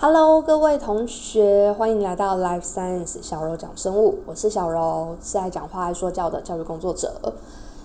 Hello，各位同學，歡迎來到 Life Science 小柔講生物，我是小柔，是愛講話、愛說教的教育工作者。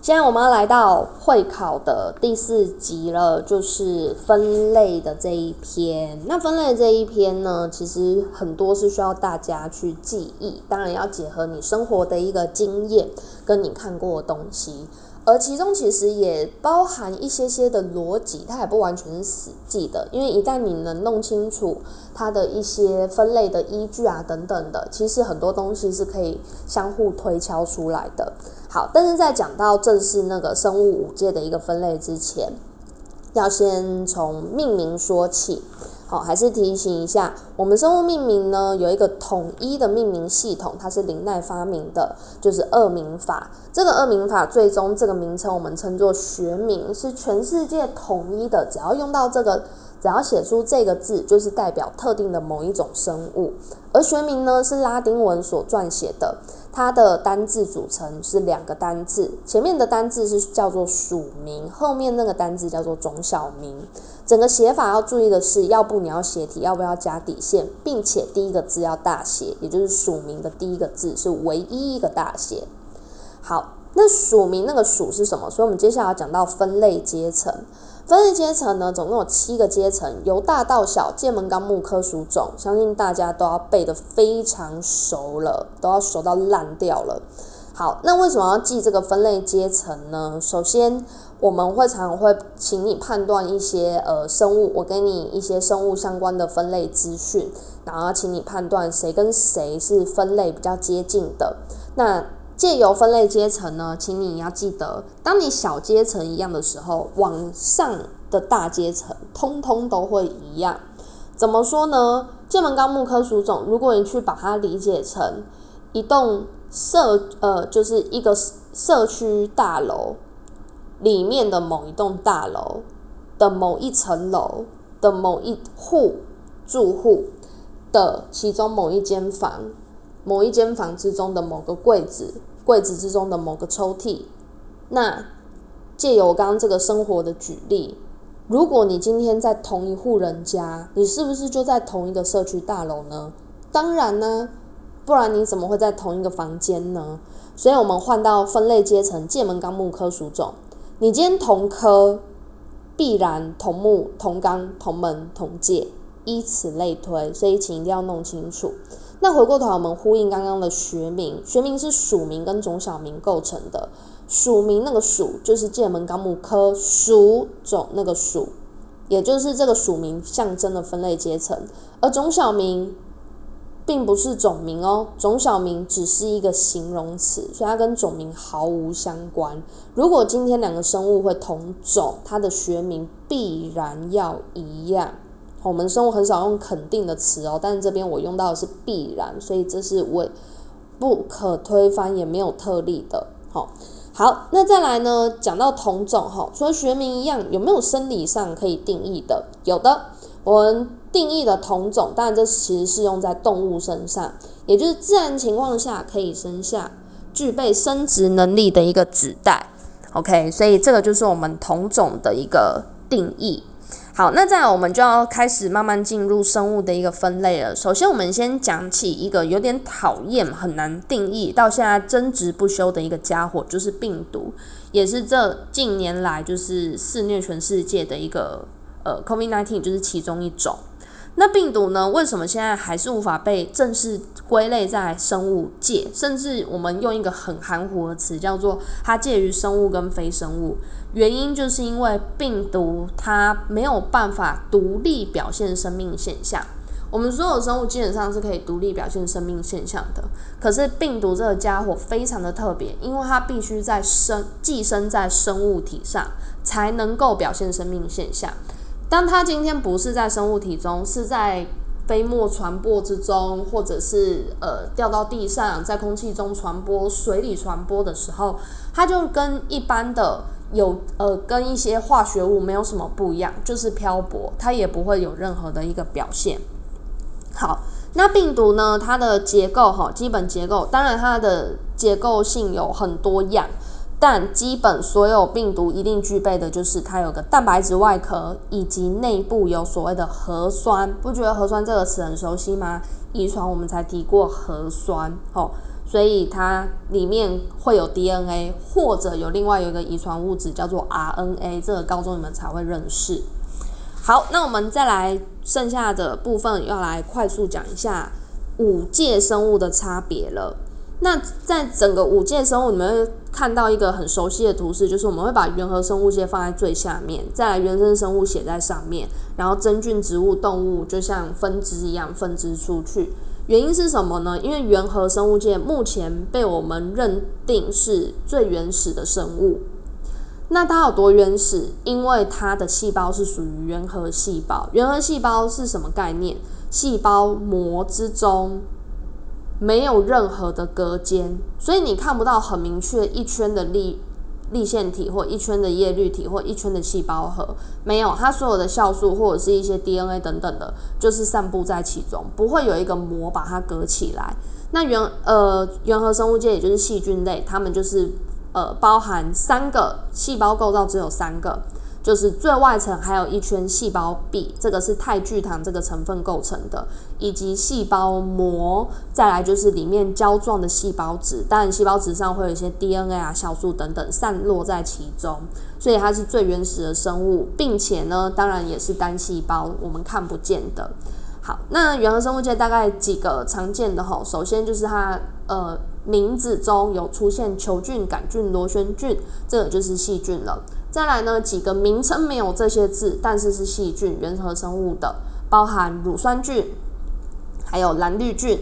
現在我們要來到會考的第四集了，就是分類的這一篇。那分類的這一篇呢，其實很多是需要大家去記憶，當然要結合你生活的一個經驗，跟你看過的東西。而其中其實也包含一些些的邏輯，它也不完全是死記的。因為一旦你能弄清楚它的一些分類的依據啊、等等的，其實很多東西是可以相互推敲出來的。好，但是在講到正式那個生物五界的一個分類之前，要先從命名說起。好、哦，還是提醒一下，我們生物命名呢，有一個統一的命名系統，它是林奈發明的，就是二名法。這個二名法最終這個名稱我們稱作學名，是全世界統一的，只要用到這個，只要寫出這個字，就是代表特定的某一種生物。而學名呢，是拉丁文所撰寫的。它的單字組成是兩個單字，前面的單字是叫做屬名，後面那個單字叫做種小名。整個寫法要注意的是，要不你要寫體，要不要加底線，並且第一個字要大寫，也就是屬名的第一個字是唯一一個大寫。好，那屬名那個屬是什麼？所以我們接下來要講到分類階層。分類階層呢，總共有七個階層，由大到小：界、門、綱、目、科、屬、種。相信大家都要背得非常熟了，都要熟到爛掉了。好，那為什麼要記這個分類階層呢？首先，我們會常會請你判斷一些呃生物，我給你一些生物相關的分類資訊，然後請你判斷誰跟誰是分類比較接近的。那借由分類階層呢，請你要記得，當你小階層一樣的時候，往上的大階層通通都會一樣。怎麼說呢？界門綱目科屬種，如果你去把它理解成一棟社呃，就是一個社區大樓裡面的某一棟大樓的某一層樓的某一戶住戶的其中某一間房，某一間房之中的某個櫃子。櫃子之中的某個抽屜，那借由我剛剛這個生活的舉例，如果你今天在同一戶人家，你是不是就在同一個社區大樓呢？當然呢，不然你怎麼會在同一個房間呢？所以，我們換到分類階層，界門綱目科屬種。你今天同科，必然同目、同綱、同門、同界，依此類推。所以，請一定要弄清楚。那回過頭，我們呼應剛剛的學名，學名是屬名跟種小名構成的。屬名那個屬就是界門綱目科屬種那個屬，也就是這個屬名象徵的分類階層。而種小名並不是種名哦、喔，種小名只是一個形容詞，所以它跟種名毫無相關。如果今天兩個生物會同種，它的學名必然要一樣。我們生物很少用肯定的詞哦，但是這邊我用到的是必然，所以這是我不可推翻，也沒有特例的。好，哦，好，那再來呢？講到同種哈，除了學名一樣，有沒有生理上可以定義的？有的，我們定義的同種，當然這其實是用在動物身上，也就是自然情況下可以生下具備生殖能力的一個子代。OK，所以這個就是我們同種的一個定義。好，那這樣我們就要開始慢慢進入生物的一個分類了。首先，我們先講起一個有點討厭、很難定義、到現在爭執不休的一個家伙，就是病毒，也是這近年來就是肆虐全世界的一個呃 COVID-19，就是其中一種。那病毒呢，為什麼現在還是無法被正式歸類在生物界？甚至我們用一個很含糊的詞，叫做它介於生物跟非生物。原因就是因為病毒它沒有辦法獨立表現生命現象。我們所有生物基本上是可以獨立表現生命現象的，可是病毒這個家伙非常的特別，因為它必須在生，寄生在生物體上，才能夠表現生命現象。當它今天不是在生物體中，是在飛沫傳播之中，或者是呃掉到地上，在空氣中傳播、水裡傳播的時候，它就跟一般的有呃跟一些化學物沒有什麼不一樣，就是漂泊，它也不會有任何的一個表現。好，那病毒呢？它的結構哈，基本結構，當然它的結構性有很多樣。但基本所有病毒一定具備的就是它有個蛋白質外殼，以及內部有所謂的核酸。不覺得核酸這個詞很熟悉嗎？遺傳我們才提過核酸哦，所以它裡面會有 DNA 或者有另外有一個遺傳物質叫做 RNA，這個高中你們才會認識。好，那我們再來剩下的部分，要來快速講一下五界生物的差別了。那在整個五界生物，你們會看到一個很熟悉的圖示，就是我們會把原核生物界放在最下面，再來原生生物寫在上面，然後真菌、植物、動物就像分支一樣分支出去。原因是什麼呢？因為原核生物界目前被我們認定是最原始的生物。那它有多原始？因為它的細胞是屬於原核細胞。原核細胞是什麼概念？細胞膜之中。沒有任何的隔間，所以你看不到很明確一圈的粒粒線體或一圈的葉綠體或一圈的細胞核，沒有，它，所有的酵素或者是一些 DNA 等等的，就是散佈在其中，不會有一個膜把它隔起來。那原呃原核生物界也就是細菌類，它們就是呃包含三個細胞構造，只有三個。就是最外層還有一圈細胞壁，這個是肽聚糖這個成分構成的，以及細胞膜，再來就是裡面膠狀的細胞質，當然細胞質上會有一些 DNA 啊、酵素等等散落在其中，所以它是最原始的生物，並且呢，當然也是單細胞，我們看不見的。好，那原核生物界大概幾個常見的哈、哦，首先就是它呃名字中有出現球菌、桿菌、螺旋菌，這個就是細菌了。再來呢，幾個名稱沒有這些字，但是是細菌原核生物的，包含乳酸菌，還有藍綠菌、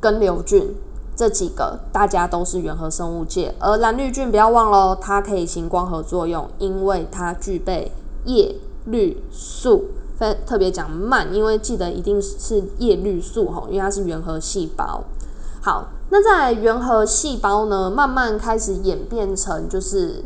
根瘤菌這幾個，大家都是原核生物界。而藍綠菌不要忘了，它可以行光合作用，因為它具備葉綠素。分特別講慢，因為記得一定是葉綠素，因為它是原核細胞。好，那在原核細胞呢，慢慢開始演變成就是。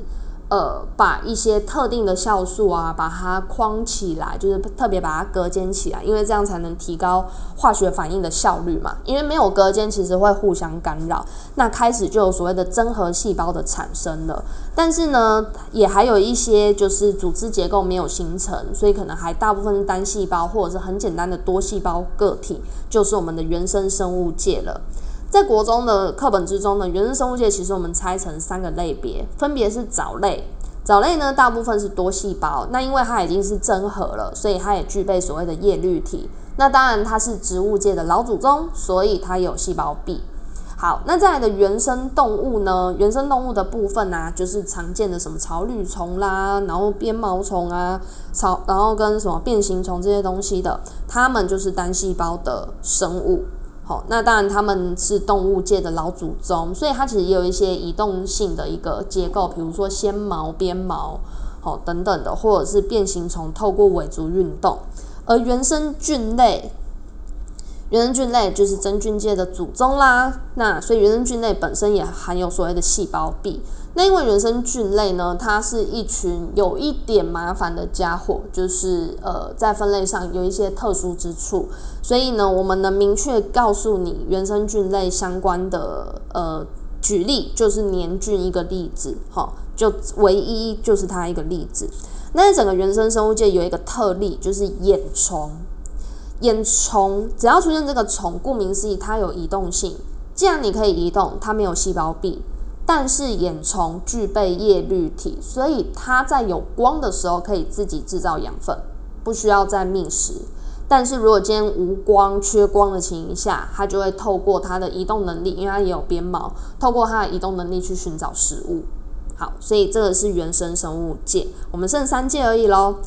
呃，把一些特定的酵素啊，把它框起來，就是特別把它隔間起來，因為這樣才能提高化學反應的效率嘛。因為沒有隔間，其實會互相干擾。那開始就有所謂的真核細胞的產生了，但是呢，也還有一些就是組織結構沒有形成，所以可能還大部分是單細胞或者是很簡單的多細胞個體，就是我們的原生生物界了。在國中的課本之中呢，原生生物界其實我們拆成三個類別，分別是藻類。藻類呢，大部分是多細胞，那因為它已經是真核了，所以它也具備所謂的葉綠體。那當然它是植物界的老祖宗，所以它有細胞壁。好，那再來的原生動物呢，原生動物的部分啊，就是常見的什麼草履蟲啦，然後鞭毛蟲啊，草，然後跟什麼變形蟲這些東西的，它們就是單細胞的生物。哦，那當然，他們是動物界的老祖宗，所以它其實也有一些移動性的一個結構，比如說纖毛、鞭毛，哦，等等的，或者是變形蟲透過偽足運動，而原生菌類。原生菌類就是真菌界的祖宗啦，那所以原生菌類本身也含有所謂的細胞壁。那因為原生菌類呢，它是一群有一點麻煩的家伙，就是呃，在分類上有一些特殊之處，所以呢，我們能明確告訴你原生菌類相關的呃舉例，就是黏菌一個例子，齁，就唯一就是它一個例子。那整個原生生物界有一個特例，就是眼蟲。眼蟲只要出現這個蟲，顧名思義，它有移動性。既然你可以移動，它沒有細胞壁，但是眼蟲具備葉綠體，所以它在有光的時候可以自己制造養分，不需要再覓食。但是如果今天無光、缺光的情況下，它就會透過它的移動能力，因為它也有鞭毛，透過它的移動能力去尋找食物。好，所以這個是原生生物界，我們剩三界而已咯。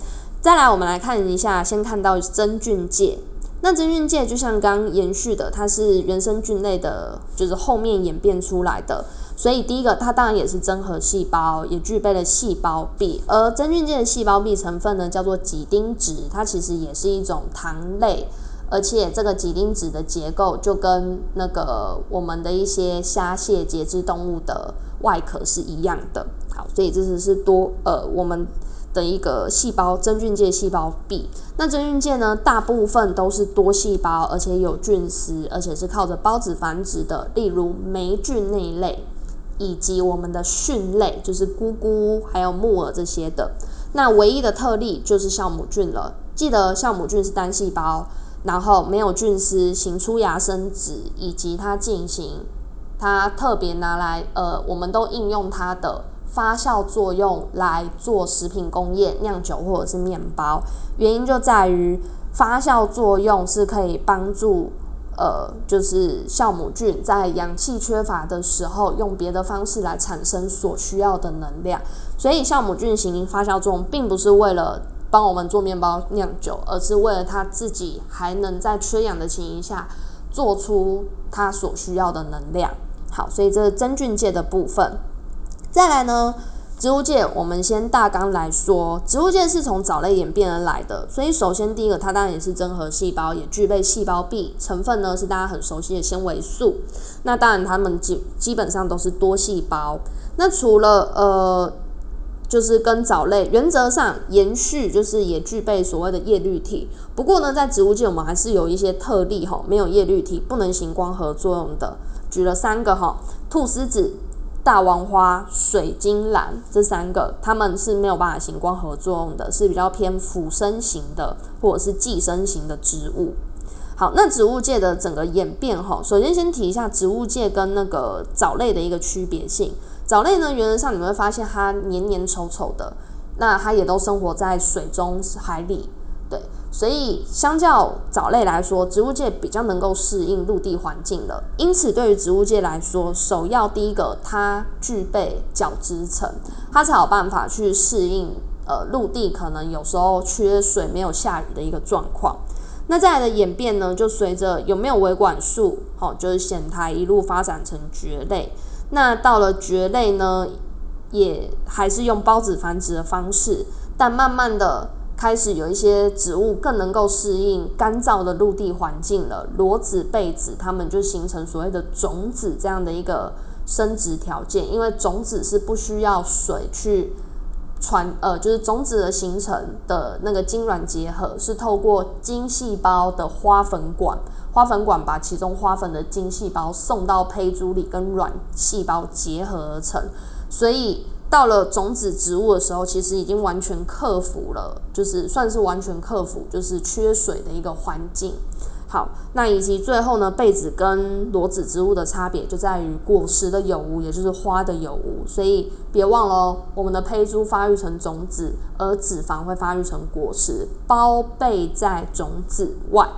再來，我們來看一下，先看到真菌界。那真菌界就像剛剛延續的，它是原生菌類的，就是後面演變出來的。所以第一個，它當然也是真核細胞，也具備了細胞壁。而真菌界的細胞壁成分呢，叫做幾丁質，它其實也是一種糖類。而且這個幾丁質的結構就跟那個我們的一些蝦蟹節肢動物的外殼是一樣的。好，所以這只是多呃我們。的一個細胞，真菌界細胞壁。那真菌界呢，大部分都是多細胞，而且有菌絲，而且是靠着孢子繁殖的。例如霉菌那一類，以及我們的蕈類，就是菇菇，還有木耳這些的。那唯一的特例就是酵母菌了。記得酵母菌是單細胞，然後沒有菌絲，行出芽生殖，以及它進行它特別拿來呃，我們都應用它的。發酵作用來做食品工業、釀酒或者是麵包，原因就在於發酵作用是可以幫助呃，就是酵母菌在氧氣缺乏的時候，用別的方式來產生所需要的能量。所以酵母菌行發酵作用，並不是為了幫我們做麵包、釀酒，而是為了它自己還能在缺氧的情況下做出它所需要的能量。好，所以這是真菌界的部分。再來呢，植物界，我們先大綱來說，植物界是從藻類演變而來的，所以首先第一個，它當然也是真核細胞，也具備細胞壁，成分呢是大家很熟悉的纖維素。那當然它們基基本上都是多細胞。那除了呃，就是跟藻類原則上延續，就是也具備所謂的葉綠體。不過呢，在植物界我們還是有一些特例哈，沒有葉綠體，不能行光合作用的，舉了三個哈，菟絲子。大王花、水晶蘭這三個，它們是沒有辦法行光合作用的，是比較偏腐生型的或者是寄生型的植物。好，那植物界的整個演變齁，首先先提一下植物界跟那個藻類的一個區別性。藻類呢，原則上你會發現它黏黏稠稠的，那它也都生活在水中海裡。所以，相較藻類來說，植物界比較能夠適應陸地環境的。因此，對於植物界來說，首要第一個，它具備角質層，它才有辦法去適應呃陸地可能有時候缺水、沒有下雨的一個狀況。那再來的演變呢，就隨着有沒有維管束，好、哦，就是蘚苔一路發展成蕨類。那到了蕨類呢，也還是用孢子繁殖的方式，但慢慢的。開始有一些植物更能夠適應乾燥的陸地環境了，裸子被子它們就形成所謂的種子這樣的一個生殖條件，因為種子是不需要水去傳，呃，就是種子的形成的那個精卵結合是透過精細胞的花粉管，花粉管把其中花粉的精細胞送到胚珠裡跟卵細胞結合而成，所以。到了種子植物的時候，其實已經完全克服了，就是算是完全克服，就是缺水的一個環境。好，那以及最後呢，被子跟裸子植物的差別就在於果實的有無，也就是花的有無。所以別忘了喔，我們的胚珠發育成種子，而子房會發育成果實，包被在種子外。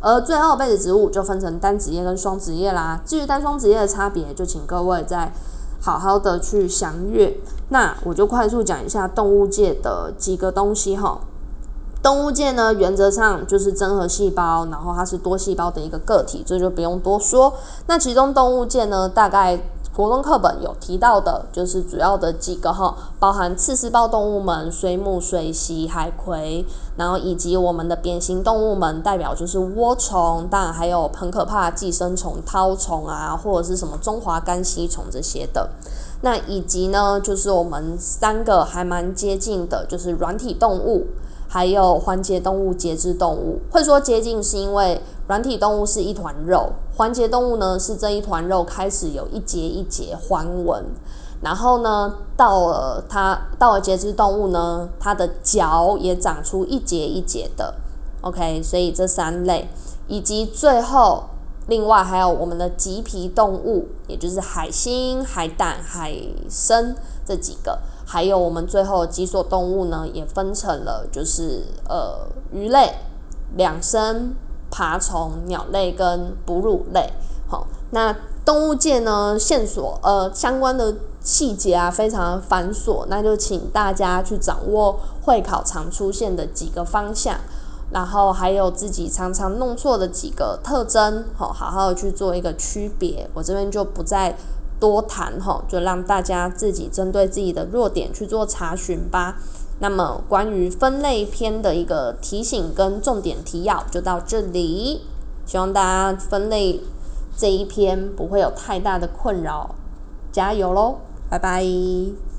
而最後被子植物就分成單子葉跟雙子葉啦。至於單雙子葉的差別，就請各位在。好好的去詳閱，那我就快速講一下動物界的幾個東西哈。動物界呢，原則上就是真核細胞，然後它是多細胞的一個個體，這就不用多說。那其中動物界呢，大概。國中課本有提到的，就是主要的幾個哈，包含刺絲胞動物門、水母、水螅、海葵，然後以及我們的扁形動物門，代表就是渦蟲，當然還有很可怕的寄生蟲絛蟲啊，或者是什麼中華肝吸蟲這些的。那以及呢，就是我們三個還蠻接近的，就是軟體動物。還有環節動物、節肢動物，會說接近是因為軟體動物是一團肉，環節動物呢是這一團肉開始有一節一節環紋，然後呢到了它到了節肢動物呢，它的腳也長出一節一節的。OK，所以這三類，以及最後另外還有我們的棘皮動物，也就是海星、海膽、海參這幾個。還有我們最後脊索動物呢，也分成了，就是呃魚類、兩生、爬蟲、鳥類跟哺乳類。好、哦，那動物界呢線索呃相關的細節啊非常的繁瑣，那就請大家去掌握會考常出現的幾個方向，然後還有自己常常弄錯的幾個特徵，好、哦，好好去做一個區別。我這邊就不再。多談哈，就讓大家自己針對自己的弱點去做查詢吧。那麼關於分類篇的一個提醒跟重點提要就到這裡，希望大家分類這一篇不會有太大的困擾，加油嘍，拜拜。